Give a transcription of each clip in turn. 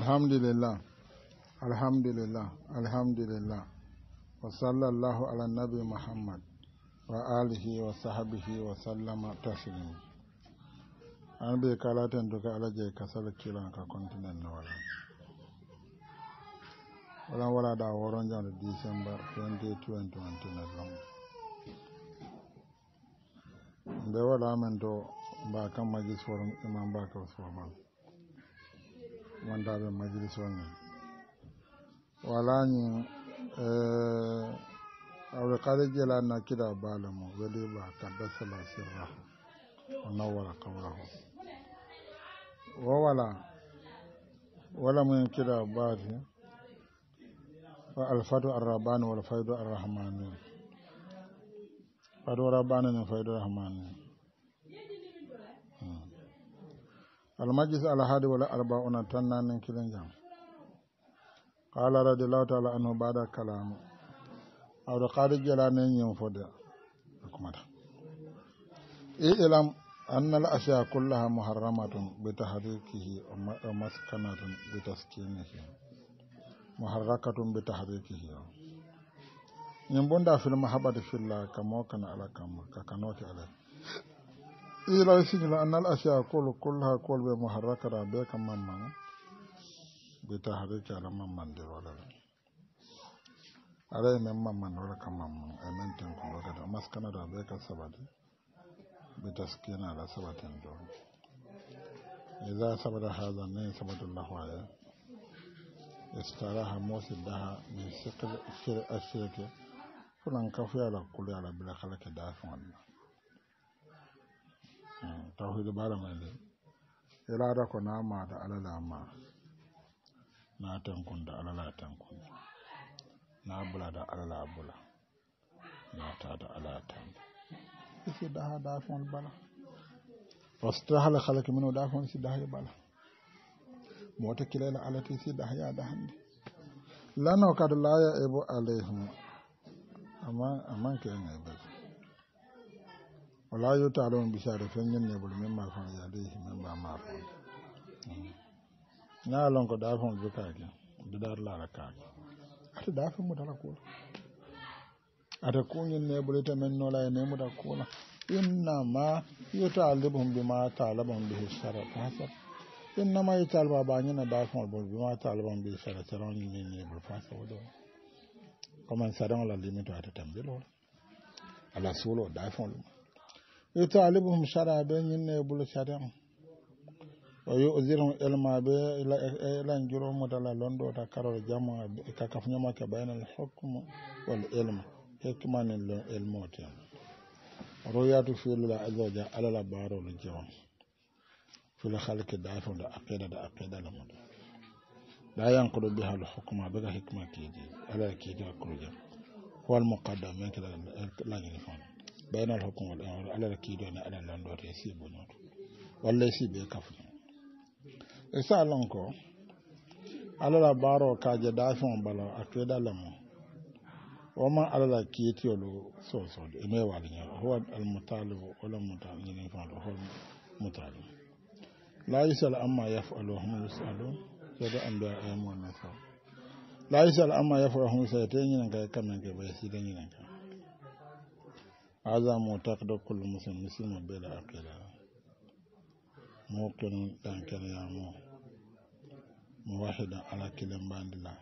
alhamdulillah alhamdulillah alhamdulillah wa sallallahu ala nabi muhammad wa alihi wa sahabihi wa sallama taslim an bai kalatan duka alajai kasar kilan ka kontinan na wala wadan wala da waron jan da disamba 2020 na zama bai wala min to ba kan majis forum imam ba ka forum wondaɓe majalis o men walañi eh, awe kare jela na kira balamo weli ba kaddasala sirrahu o nawwara kawrahu wo wala wala mumen kida baati fa alfadu arrabani wala faydu arrahmani fadu rabbani ne faydu rahmani almajlis alhaadi wala arbauna tan nanen kilen jam qala radiallahu taala anhu bada kalamu awɗo kaari jelane ñin أن الأشياء كلها محرمة بتحريكه ومسكنة بتسكينه محركة بتحريكه ينبون في المحبة في الله كما كان على كما كانوك ila signala annal asia kolo kolha kol ɓe moharrakata be kam mammana ɓe tahriki ala mammande wala ala emen mammande wala kam mammana emen tenkolokata maskanada be ka sabati ɓe taskina ala sabaten do ida e sabata haha ne sabat llahu aya estaraha moosi daha min sikre asireke fulan kafuyala kulu ala bila halake dafuanna Ah, tawhidu bara men da irada ko nama da alala ma na tankun da alala tankun na bula da alala bula na ta da alala tan isi da ha da fon bala wasu ta hala halaka mino da fon si da ha bala mota kilela alati si da ha da hande lano kad la ya ebu alaihim amma amma ke ne ba wala yotaɗon bisade feñinne ɓol min ma fan yadehi min ba ma fan mm. na lon ko dafon be kake dudar lara kake ata dafin mu tala kula ata kuñin ne ɓol ita men nola e nemuta kula innama yutalibum bima talabum bihi sara fasar innama yutalba bañina dafon ɓol bima talabum bihi sara saron ñinne ɓol fasa wodo comme en saron la limite ata tambilola ala suulo dafon luma يطالبهم شرع بين يبلو شرع ويؤذرهم علما بي إلا أن جروا مدلا لندو تكرر جمع ككفنما كبين الحكم والعلم حكما للموت رؤيات في الله عز وجل على البار والجوام في الخلق دافع العقيدة العقيدة لمدى لا ينقل بها الحكم بها حكمة كيدي على كيدي كل هو المقدم لا ينفعني bayna al hukm wal amr ala rakido na ala lando te si bono walle si be kafin e sa lon ko ala la baro ka je da fon bala akeda lamu wama ala la kiyetiyolu soosooɗo e mai waaliñol howa almutalibu wala mutal ñinin fanɗo hol mutalim la yusal amma yafalu hum yusalun a ambiya e mone so la yusal amma yafalu hum yusalun te ñinen kay kamen ke ɓay si ñinen ka azamu ta fi dokkulu musulmi su mabe da akira mokin dankar yamo mu wahi don alakilin bandila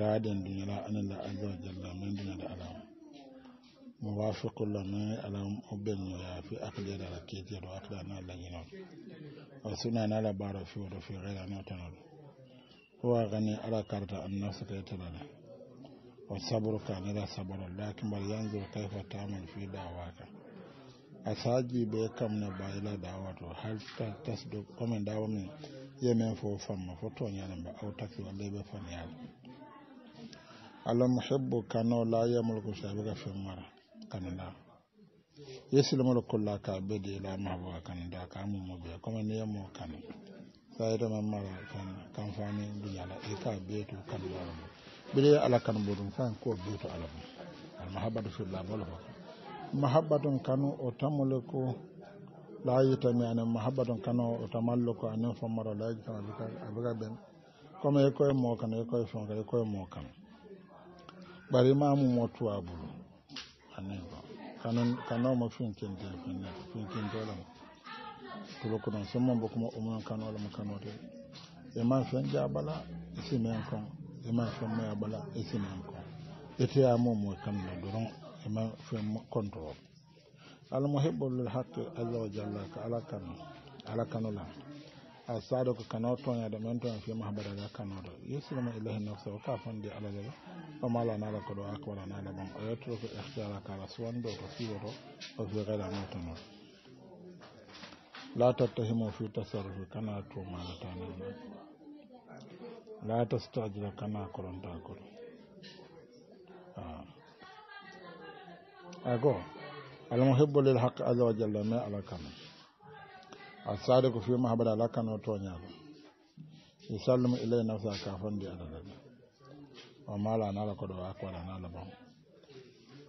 radin dunyara anan da azawar jallamin da alamu mu ba su kula na alamu obin mu ya fi akira da rakijiyar da akira na lagina a suna na labarar fiye fiye da nautanar kowa gani alakarta an nasu ta yi tarada wasaburka da sabarar lakin bar yanzu kaifa ta manfi da waka a saji bai kam na bayila da wato har ta tasdo komen da wani ya men fo fam ma foto ya nan ba auta ki wallahi ba fa niyal alam hubbu kana la ya mulku fi mar kana la yesu lamal kulla ka bade la ma ba kan da ka mu mu bi kuma ne mu kan sai da mamara kan kan fani duniya la ita bai to kan da bire ala kan bodum fan ko duto ala mo al mahabbatu fillah bolo mahabbatun kanu o tamule ko la yitami anen mahabbatun kanu o tamallo ko anen fammaro la yitami abika ben e mo kan e e mo kan bari mamu mo bulu anen ko kanon kanoma finkinde finne finkindolam kuma omon e man fen jabala e kon ima fɛn ma ya bala esi nan kɔ ete ya mu mu kan na dɔrɔn ima fɛn alamu almuhibbu lil haqqi azza wa jala ka ala kanu ala kanu la asado ka kano tonya da men tonya fi mahabara da kano yi si ma ilahi o ka ndi ala da o mala na la ko do akwala na la ban o turu ko ala k'ala la suwan do ko siworo o fi gala na tonya la tattahimu fi tasarrufi kana to mana tanan la tastajila kana koronta kono ako ah. almuhibu lilhaqi aza wa jalla ma ala kano asadiku fi mahabara ala kano toñaɗo yusallimu ilay nafsa ka fondi alalade o mala anala kodo wa koɗa anala bon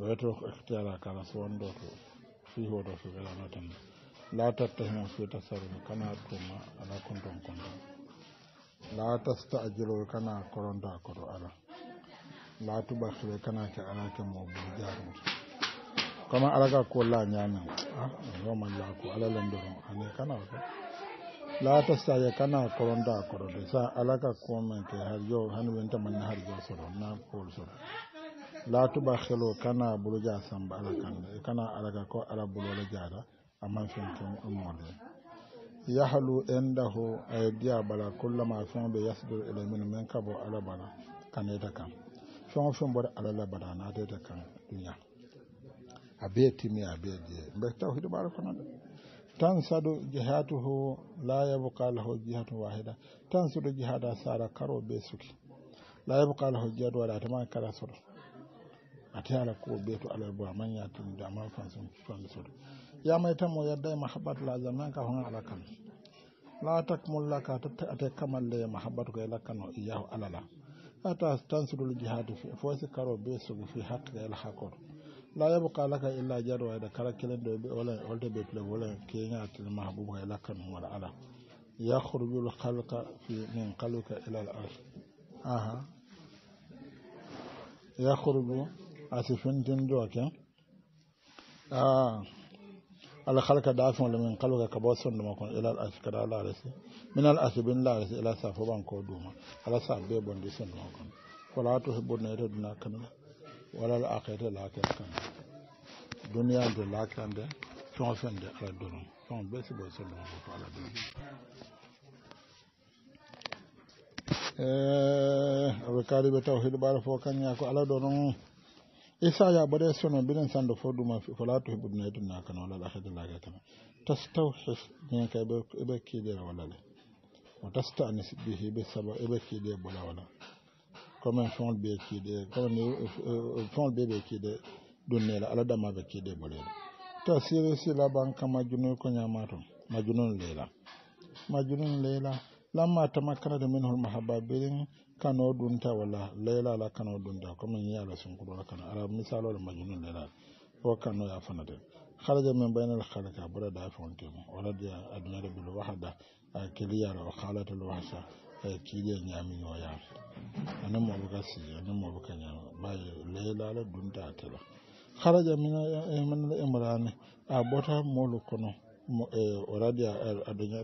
wetu ihtiyara kala so wondo to fi hoto fi welanoten la tattahimu fi tasarrufi kana tuma ala konton konton la tasta'jilu kana koronta koro ala la tubakhile kana ke ala ke mo bu jaru kama ala ka ko la nyana ah no la ko ala lan ane kana ko la tasta'jilu kana koronta koto de sa ala ka ko men ke har yo han men ta man har yo so na ko so la tubakhilo kana bulu ala kan kana ala ka ko ala bulu la jara amma fin yahalu endaho aye diya bala kullama feŋo be yasdur ele minu meŋ ka bo ala bala kanete kaŋ feŋo feŋ bore ala la bala natete kaŋ duya a bee timi a bee die mbe tawhid baro kono de tan sadu jihatuhu la yabuka lahu jihatu wahida tan sudu jihada sara karo be suki la yabuka lahu jihatu wahida atama kara soto ate ala ko beetu ala bo amaña tin dama fansum fan soto yamaytamo yedda e mahabbatu lazam nan ka hon ala kan la takmulla ka totta ate kamalle e mahabbatu ko e lakkano iyahu alala ata tansudul jihadi fi fo si karo be sugu fi haqqe el hakkoro la yabqa laka illa jaro wayde kala kelendo ɓe wala olde ɓe tule wala keñatel mahbuba e lakkano wala ala yakhrujul halka fi min kalika ila l ars aha yakhruju asi fintindoke a ala da daafeŋole min kalga ka bo sonduma kon ila al asi kada laresi min al asi bin laresi ila sa ban ko duma ala sa be bondi sonduma kon wala na ita duna kan wala al la lakira kan duniya de lakirande feŋo feŋ de ala duru feŋo be si bo sun ko to ala duru eh abakari be tawhid bar fo ya ko ala duru isaya e boɗe sono binen sanndo fo ɗuma e ko laatu heɓudunayi ɗum nakano walla ɗa hede laga tama tastawhis nen ka eɓe kiiɗere walla le o tasta ani siɗɗi hiɓe saba eɓe kiiɗe ɓola e wala comme fond ɓe kiiɗe comme fond ɓe ɓe kiiɗe ɗum nela ala ɗamaɓe kiiɗe ɓolele to siresi laban ka majjunoy ko ñama toon majjunon leela majjunon leela lamma tamakkana minhu mahabba birin kano dunta wala Laila la kano dunta kuma ni ala sun kudo kana ala misalo da majnun laila ko kano ya fana da kharaja min bainal khalqa bura da fon mu wala da adna bil wahda akiliya wa khalatul wahsha kiliya nyami ya anan mu buka si anan mu buka nya ba Laila la dunta tala kharaja min eh, al imran a bota molu kono o eh, radia adunya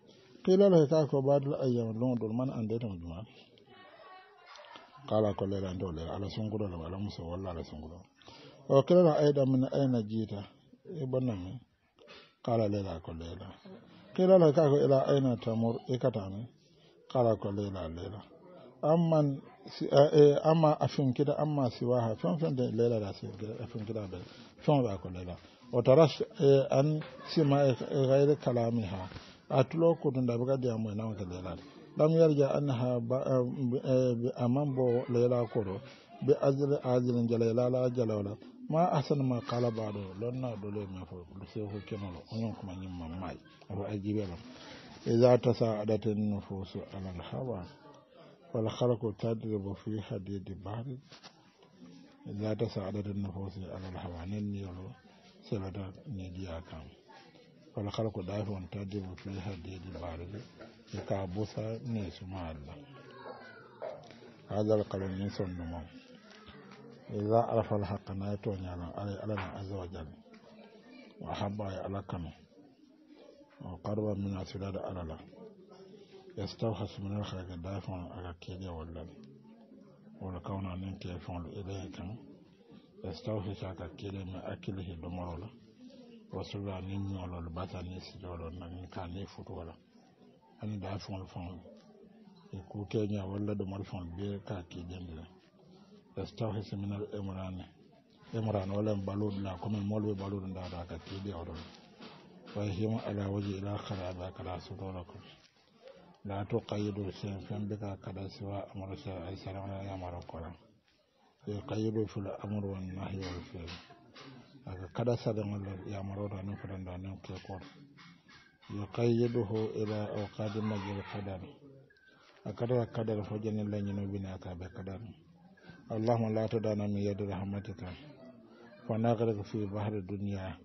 kilala ka ko badul ayyam don don man ande tan duma kala ko le ran ala sungudo la ala musa walla ala sungudo o kilala ayda min ayna jita e banami kala le la ko le la kilala ka ko ila ayna tamur e katami kala ko le la le la amman amma afin kida amma siwaha fen fen de lela da si afin kida be fen ba ko lela o tarash e, an sima ghayr e, e kalamiha a tulo kodu nda baga diya mwena wanka delali lam yarja anha eh, eh, bi aman bo layla kodo bi azil azil njala yalala jala wala ma asan ma qala baado lonna do le ma fo lu se ho kema lo onyo ko ma nyimma mai o ajibe lam idha tasa adatin nufusu ala al hawa wal khalaqu tadribu fi hadid bahr idha tasa adatin nufusu ala al hawa nin yolo sabata ni diya kam والخلق دائف تجب فيها ديد البارد يكابوسا نيس مع الله هذا القلم نيس النمو إذا عرف الحق نايتون يعلم علي ألنا عز وجل وأحب أي ألكنه وقرب من أسلال أللا يستوحس من الخلق دائف على كيدي والذي ولكون أنك يفعل إليك يستوحس على كيدي من أكله دمرولا wasula ni ɲɔlol bata ni sijolo nani ka ni futola ani da fɔl fɔl ku kenya walla ɗo mol fɔl be ka kijendi la yastahisi min al imrani imrani walla en baluɗula commin molɓe baluɗo ndaɗa ka kiɗe wa fahima ala waji ila karaɓe kala sutola ko la tuqayidu sen fen be ka kada siwa amaro sa ay salamala yamaro koran yuqayidu fil wa wannahyi wa fi'l aga kada sadangol yamaroɗo ni fuɗanɗo anin ya yukayiduhu ila aukadi majil kadar akada kadar fo jani ka akaɓe kadar Allahumma la tudana min yadi rahmatika fa nagrik fi bahri duniya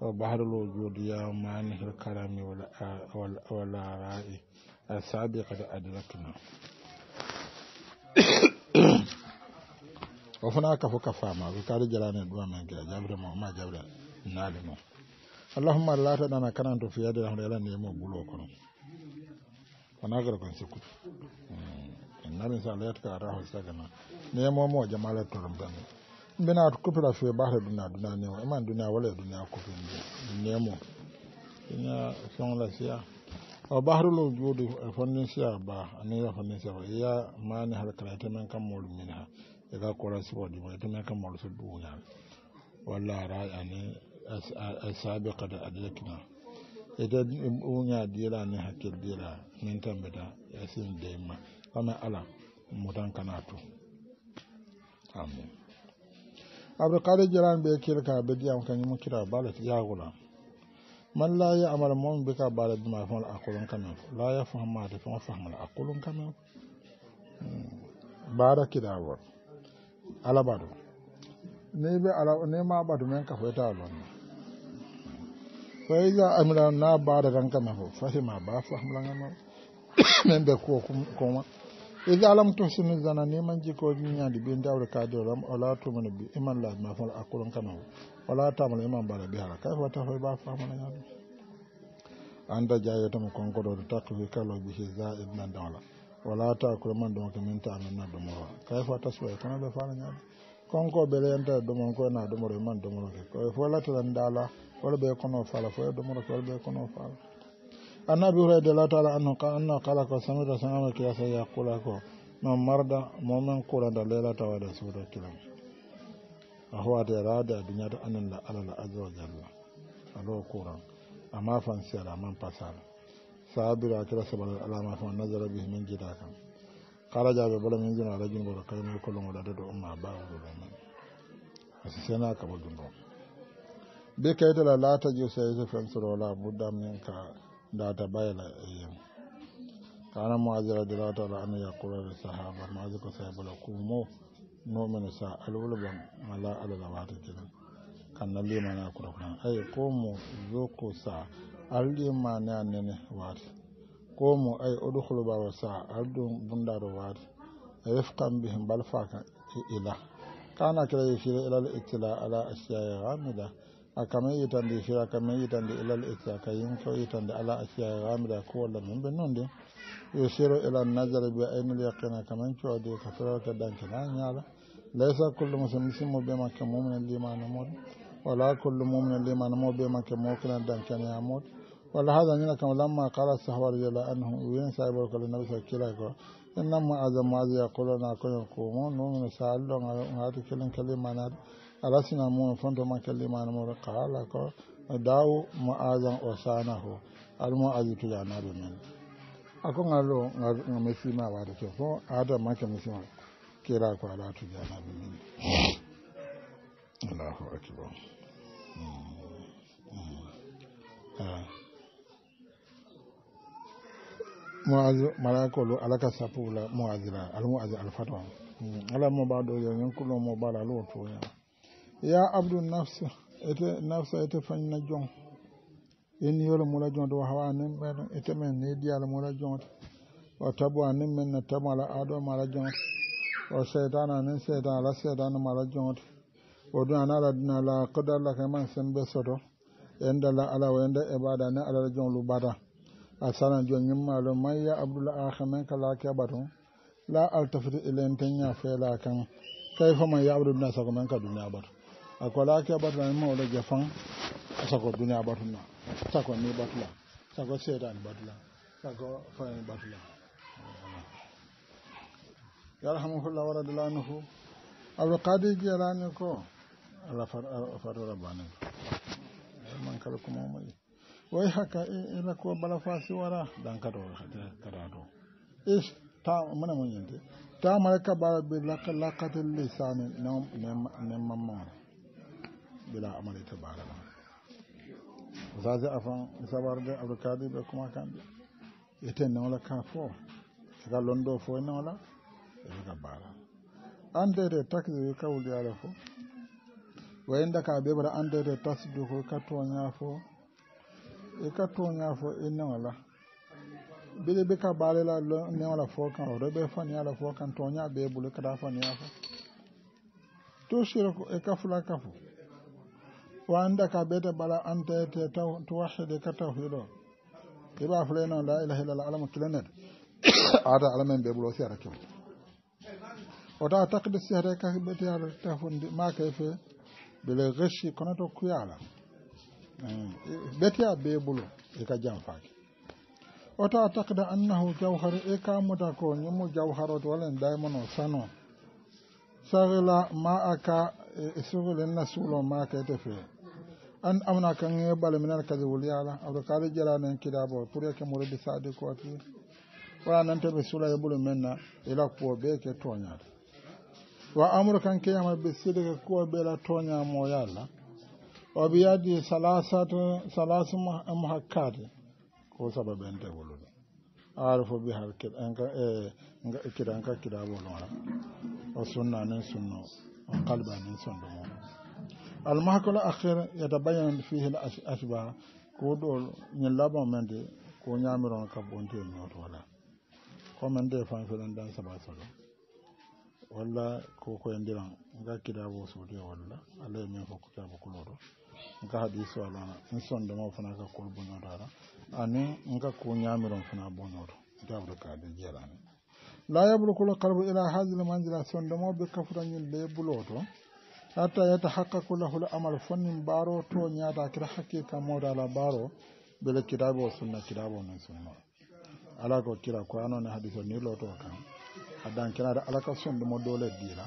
o bahrul wujud ya manihil karami wal arai asabi kad adrakna o fana ka fo ka faama ko kaari jarani ɗuma men gila jaɓre mo ma jaɓre naali mo allahumma allah taɗana kananto fiyade hono yala nimo bulo kono wona gara kon sikkude en hmm. nalin sa leyata ka ata hoy sagana nemomo jama lettoɗum tan mbina coupira fe ɓata duniya duniya nemo eman duna wala e duniya duna nemo duna songla siya o bahrulu juudu e eh, fonnin siya ba aniya fonnin siya ba ya mani har karate men kam moɗum min ha e ka kora siwadi mo mai meka mol so duñal walla ne ani asabe da adekna ita duniya dira ne hakkil dira min tambita da deyma kama ala mutan kana to amin kare jiran bai kirka ɓe diyam kañum kira balat gula man la ya amar mun be ka baala bima famal aqulun kamen la ya fahamade fama fahamala aqulun kamen hmm. baara kiɗawol ala baɗo ni ɓe ala ni ma baɗo men ka foyta lonna fayga amira na baɗa tan kame fo fahima ba fahmlagama min ɓe kuwo koma ida alam tuhsinu zana ni man jiko ñaadi ɓe dawre kadiram wala tumana bi iman la ma fon akkulon kame fo wala tamala iman baɗa bi ka kay fota foy ba fahmlagama anda jayetama konkoɗoɗo takkufi kalo bihi za ibnan dawla wala ta man don ka minta anan na dumoro kai fa ta suwa kana be fara nyaade konko bele yanta dumon ko na dumoro man dumoro ke ko la tan dala be fala fo ko be fala annabi la anna qala ko samira sanama ko man marda momen kuranda lela tawada suuda kilam a howata raade a duñata ananda alala azza wa jalla alo kuran saadur akira sabalal alama fama nazara bihi min jida kam kala jaɓe bala min jino ala jungoro kayma kolongol adado umma bawaɗoɗomen asi sena kaɓa jungo be kaytala laata ju seyto fen sorola buddamin ka data bayla eyen kana moajira dila taala an yakkurare sahaba maji ko say bala kummo numene sa alwula ban ala alalawatetinen kannalimana kurakuran ay kommo zoko sa ardi mane a nene waati ko mo ay oɗo baba sa arɗum bundaɗo waati e refkan bihim bal faka ila kana kira yefira ilal ittila ala asiyaya hamida a kama yitande fira kama yitande ilal ittila ka yinko yitande ala asiyaya hamida ko walla min ɓe noon de yusiro ila nazare bi aynul yaqina kaman coodi ka firarke dankina ñaala laysa kullu muslim simmo ɓe makke mumnen limanamoɗo wala kullu mumnen limanamoɓe makke mokina dankene yamoɗo walla haada ñina kam lamma kala sahaba radiallahu anhum wen sahibol kole nabi sa kila ko en lamma ada moadi yaquluna koñon kumo numino sahal ɗo gaati kelen kalimanade ala sina mum fontoma kalimane mum qala ko daw mo adan o sanahu almo adi tujanaɓe men ako ngallo ga mesima wade to fo adam make mesima kira ko ala tujanaɓe men allahu akbar muaz malakolu alaka sapula muazira almuazi alfatwa mm, ala mo ba do yo nyen kulo mo bala lo to ya ya abdu ete nafsa ete jon en jon do hawa nem ete men ne jon tabu men na tamala ado jon ala shaytan mala jon o do anala dina la qadar la kaman sembe soto ala ala jon lu bada asalan saran jon ñimmalo mayya abdul ahamen ka ke baton la altafiti ilen ten fe la kan kay foma ya abdul nasa ko man ka duniya bato akola ke baton nan mawɗo jafan sago duniya batuna sago ni batula sago seeɗani batula sago fani batula yarhamuhullah waradila nuhu abdou kadi jeerani ko ala fat rabani man kala kumamoyi Wai haka ina eh, eh, ko bala fasi wara dan kado karado is ta mana mun ta ta malaka ba bi laqatil lisani ne mamma bila amali tabaraka zaza afan sabar da abdulkadir be kuma kan ite ne wala ka fo ka londo fo ne wala e ka bara da ta takzi kawo da ala fo wayanda ka be bara da de tasdu ko ka to nya fo i ka to y'a fɔ i nɛŋa la bile be ka baale la nɛŋa la fɔɔ kan ɔrɔ bɛ faniya la fɔɔ kan tɔɔnya b'e bolo ka taa faniya fɔ to sira i ka fula ka fo wa an da ka bɛɛ bala an tɛ tɛ tawahide ka tawhidɔ i b'a fɔla yennɔ la ilaha illallah alama kilɛnɛ ada alama bɛɛ bolo o siyara kɛmɛ o da takdi siyara ka bɛtiyara tafundi maa kɛfɛ bele gɛsi kɔnɔtɔ la betiya be bolo e ka janfaki oto a takda annahu jawharu e muta ko ñimmu jawharoto walan daymono sano sahila ma aka e na suulo ma kayte fee an amna kan e ɓala minal kadi wulyala abdoukadi jalanen kidabo ke eke moridi sadi koti wala nanteɓe suula e ɓolo men na ila kuwo be ke toñade wa amru kan keyama be sidike kuwo ɓe la toñamo yalla obiyadi salasu muhakkate e ko saba ɓente wolude ar fo bi har kiɗanka kiɗawolu ha o sunna nin sunno o kalba nin sondumo almahakola akhir yata bayan fihi lasba ko ɗol ñin labo mende ko ñamiron kabbonti e ñooto wala ko men de fanfiran dan saba solo walla koko e ndiran nga kiɗawo sodi walla alla e min fo kitabo kuloto nka hadisu ala na n fana ka kol boñoto ala ani n ka ku ñamiron fana boñoto jabru kadi jerani la yabrukulu kalbu ila hadil manjila sondemaw be kafutañil be buloto hatta yatahaqqaqu lahu l amal fonnin baaro to ñaata kira hakkika mawde ala baaro bele kitabe o sunna kitabe o min sunna ala ko kira ko anone hadise ni loto kan kira kinade ala ka sondumo dole diila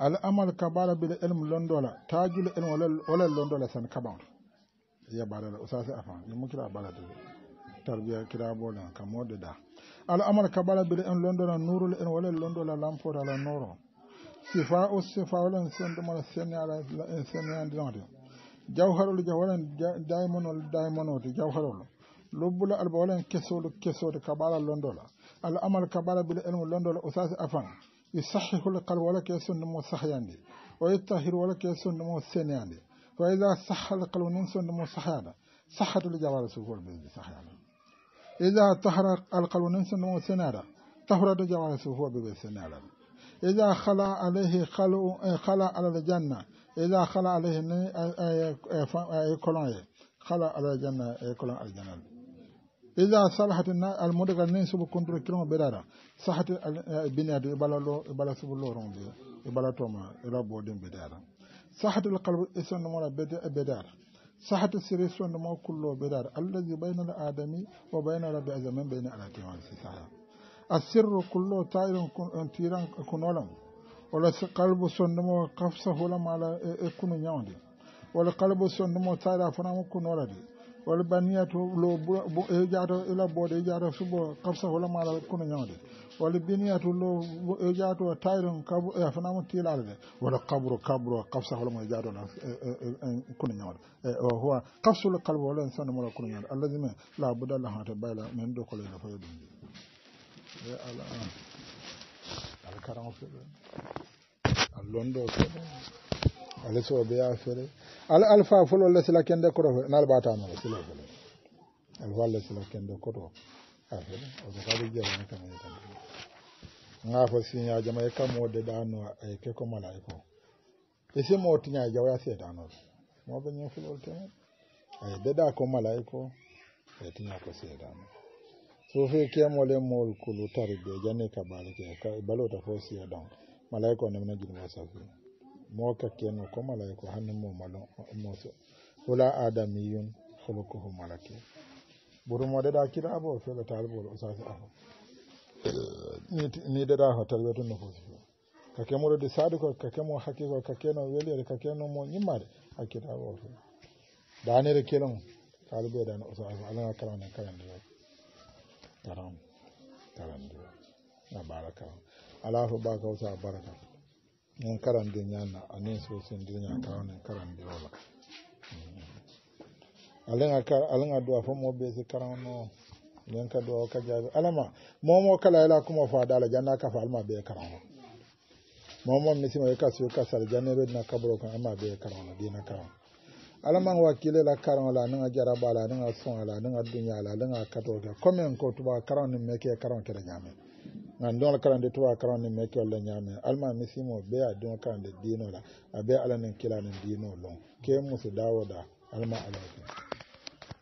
al amal bi bila elmu londola tajul elmu olal londola san kabanto ya balala usase afan yimmu kira balade tarbiya kira bolan ka modde da al amal bi bila en londola nurul en olal londola lampo da la noro sifa o sifa olan sendomala senala en senandi nante jawharol jawhalan daimonol daimonoti jawharol lobbula alba walan kesolu kesode kabala londola al amal bi bila elmu londola usase afan يصحح لك ولك يسن مو صحياني ويطهر ولك يسن مو سنياني فإذا صح لك الونسن مو صحيانا صحة لجوال سفول بذي صحيانا إذا طهر القلونسن مو سنانا طهر لجوال سفول بذي سنانا إذا خلا عليه خلو خلا على الجنة إذا خلا عليه كلون خلا على الجنة كلون الجنة إذا صلحت المدرك ننسب كنترو كرم برارا صحت البنية إبالا لو إبالا سبو لو رمبي إبالا توما إلا بودين بدارا صحت القلب إسان نمورا بدارا صحت السريس ونمو كله بدارا الذي بين الآدمي وبين ربي أزمان بين الأتيمان سيسايا السر كله طائر تيران كنولم ولا قلب سنمو قفصه لما على إكون يوندي ولا قلب سنمو طائر فنامو كنولدي wala baniya to lo e jaato ila bode e, e jaato subo kabsa hola maala kono ñawde wala biniya to lo e jaato tayron kabu e fanama tilal de wala kabro kabro kabsa hola e e, mo e jaato la kono ñawde e o howa kabsule kalba wala san sonde mola kono ñawde alladi men la buda la hante bayla men do koloyla fo e ɗum e ala ala karan feɗe a londo feɗe ala soɓe ya feɗe al alfa fulol le sila kende koro na fo nal na sila fole alfa le sila kende koto afele oto kadi jerani kam e tan ga fo siñajo ma e kamode ɗano e ke ko mala e ko e simo tiña jawya seedanoɗo moɓe ñin fulol temen ay deɗa ko mala e ko e tiña ko seedano sofi kemole mol kulu tari de jani ka balike balota fo siya donc mala e ko nemna jinmo safi moka keno ko malaiko hanni mo malon moso wala adamiyun holokoho malaki buru mo da kira abo fele da usasi afo ni da ho talweto no fof ka muru de sadu ko ka hakki ko ka keno weli ka keno mo ñimmade hakkita abo fe danere kelon talbe dan usasi alaga karane karande rek taram da na baraka ala fo ba kawsa baraka ñin karandi ñanna anin sosin diña tawne mm. alin wala alaga duwa fo mo karan karano ñin ka duwa ka jabi alama momo kala ila kuma fo adala janna ka fa alma karan karano momo misima ka su ka sar janne ɓe dina kaburo kan alma ɓee karano na karano alama wakile la karan la nan jaraba la nan son la nan dunya la nan kato ke komen ko tuba karan ne meke karan ke da nyame an don karande to a karande me to la nyame alma mi simo be a don karande dino la a be ala nan kila nan dino lon ke musu dawo da alma alaikum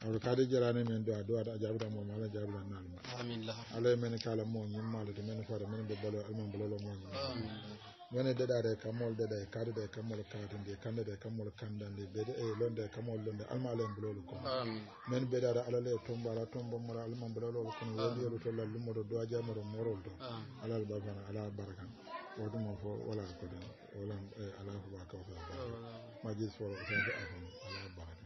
aw ka de jarane men do do ada jabu da mo mala jabu da nan amin la alay e men kala mo nyim mala de men fara men be balo alma balo mo amin wene deɗade e kammol deɗa e kaadede e kammol kaadidi e kandede e kammol kandandi beede e eh, londe e kammol londe almaala e mbololu kono min beɗade alala e tombala tombomola alma mbololol kono woliyolu to lallumoɗo dowajamoɗo morol to alal babana ala baraka waɗuma fo wala koɗen wala eh, ala hoɓa kawta ma jis wala sante afon ala baraka